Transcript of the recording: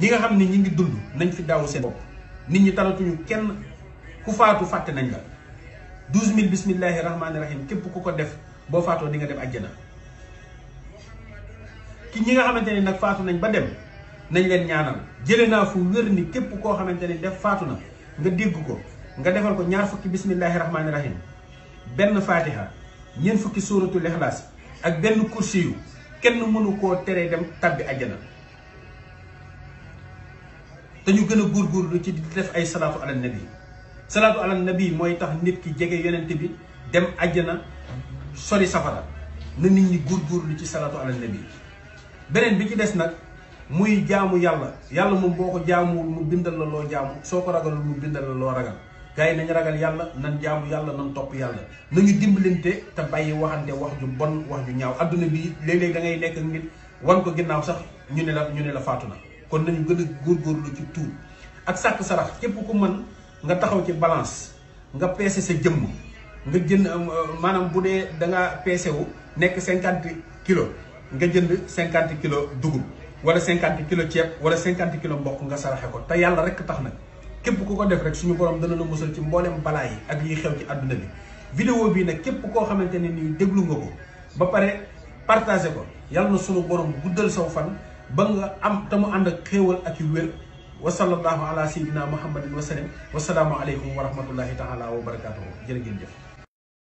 ñi nga xam ne ñi ngi dund nañ fi daaw seen bopp nit ñi talatuñu kenn ku faatu fàtte nañ la douze mille bismillahi rahmaani képp ku ko def boo faatoo di nga dem àjjana ki ñi nga xamante ni nag faatu nañ ba dem nañ leen ñaanal jëlee naa fu wér ni képp koo xamante ni def faatu na nga dégg ko nga defal ko ñaar fukki bismillahi rahmaani rahim benn faatiha ñeent fukki suuratu ixlaas ak benn kursi kenn mënu koo teree dem tabbi àjjana te ñu gën a góorgóorlu ci di def ay salatu ala nabi Salatu ala nabi mooy tax nit ki jege yonent bi dem àjjana sori safara na nit ñi góorgóorlu ci salaatu ala nabi beneen bi ci des nag muy jaamu yàlla yàlla moom boo ko jaamuwul mu bindal la loo jaamu soo ko mu bindal la loo ragal gars yi nañu ragal yàlla nan jaamu yàlla nan topp yàlla nañu dimbalante te bàyyi waxante wax ju bon wax ju ñaaw adduna bi léeg da ngay nekk nit wan ko ginnaaw sax ñu ne la ñu ne la faatu kon nañu gën a góorgóorlu ci tuub ak sàkk sarax képp ku mën nga taxaw ci balance nga peese sa jëmm nga jënd euh, maanaam bu dee da nga peese wu nekk cinquante kilo nga jënd cinquante kilo dugub wala cinquante kilo ceeb wala cinquante kilo mboq nga saraxe ko te yàlla rek tax nag képp ku ko def rek suñu borom dana la musal ci mboolem balaa yi ak yiy xew ci àdduna bi. vidéo bii nag képp koo xamante ne nii déglu nga ko ba pare partagé ko yàlla na suñu borom guddal saw fan. ba nga am te mu ànd ak xéewal ak yu wér wa sallallahu ala sayyidina muhammadin wa sallam wa salaamu aleykum wa rahmatullahi taala wa barakaatuhu jërë ngeen jëf